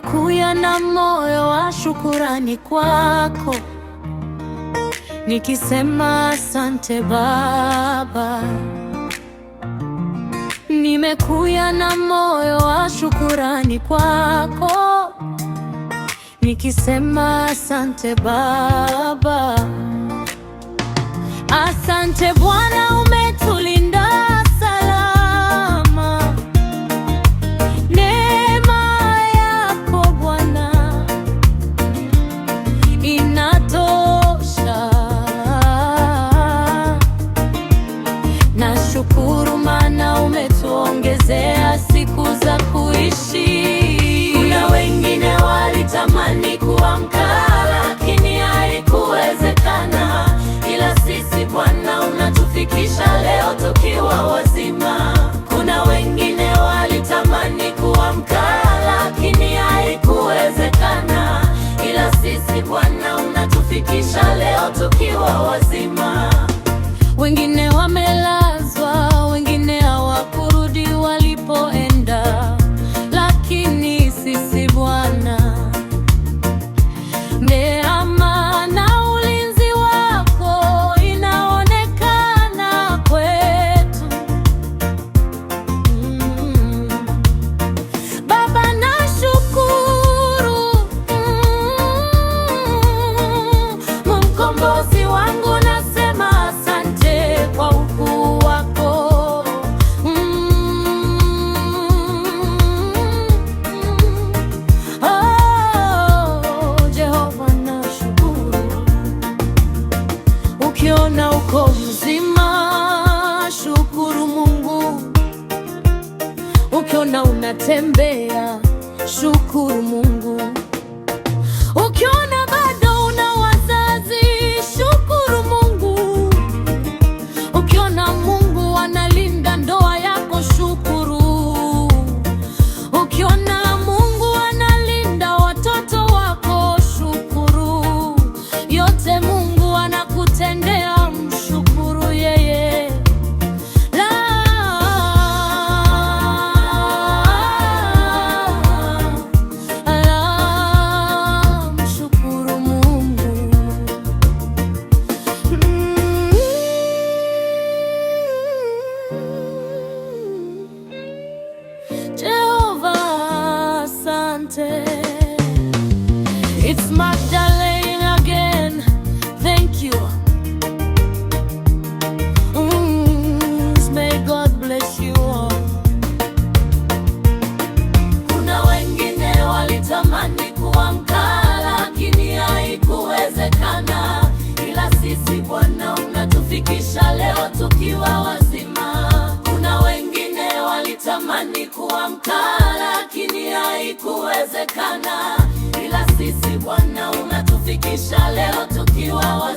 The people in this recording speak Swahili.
nimekuya na moyo wa shukurani kwako, nikisema asante Baba. Nimekuya na moyo wa shukurani kwako, nikisema asante Baba. Asante Bwana umetuli Shukuru maana umetuongezea siku za kuishi. Kuna wengine walitamani kuamka, lakini haikuwezekana, ila sisi Bwana unatufikisha leo. uko mzima, shukuru Mungu. Ukiona unatembea, shukuru Mungu. Asante. It's Magdalene again. Thank you. Mm, Kuna wengine walitamani lakini haikuwezekana, ila sisi Bwana unatufikisha leo tukiwa wazima. Kuna wengine walitamani kuamka kuwezekana, ila sisi Bwana unatufikisha leo tukiwa